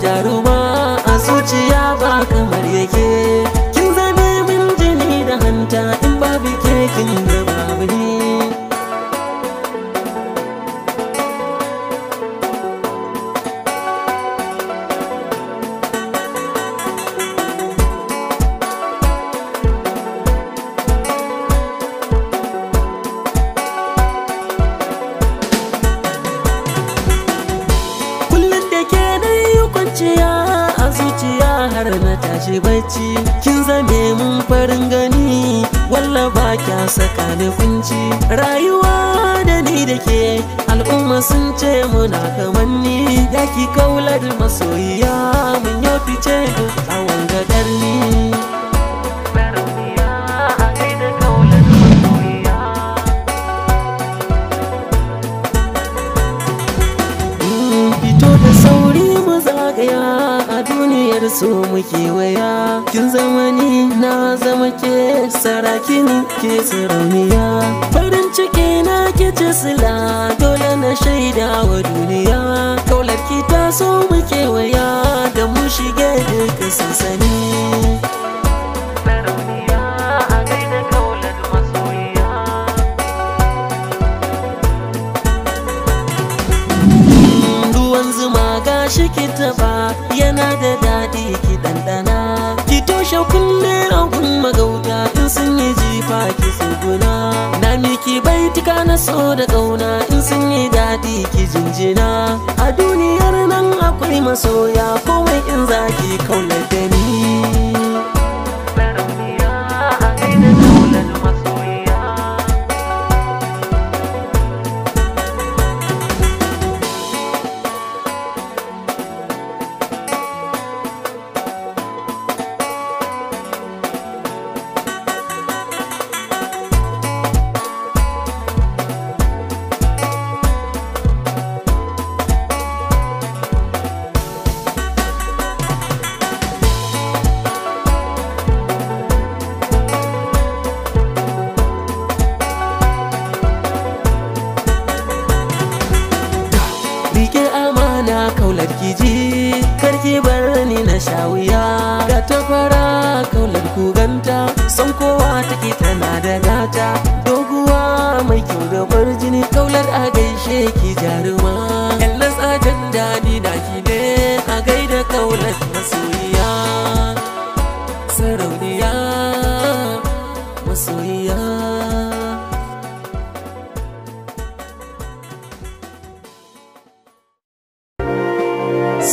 jaruma a zuciya ba kamar yake kin zame min jini da hanta in babu ke kin da babu ne. zuciya a zuciya har na tashi bacci kin zame mun farin gani walla ba kya saka ni kunci rayuwa da ni da ke al'umma sun ce muna kamanni ya ki kaular masoyiya mun yau fice duk a gadar ni kar so muke waya kin zamani na zama ke saraki ni ke sarauniya farin ciki na ke ce sila dole na shaida wa duniya kaular ki ta so muke waya da mu shige duka su sani yana da daɗi ki ɗanɗana ki toshe kulle a magauta in sun yi jifa ki tsuguna na miki baitika na so da ƙauna in sun yi daɗi ki jinjina a duniyar nan akwai masoya kaular kiji karki bar ni na sha wuya ga ta kaular kuganta son kowa take tana da gata doguwa mai kyau da jini kaular a gaishe ki jaru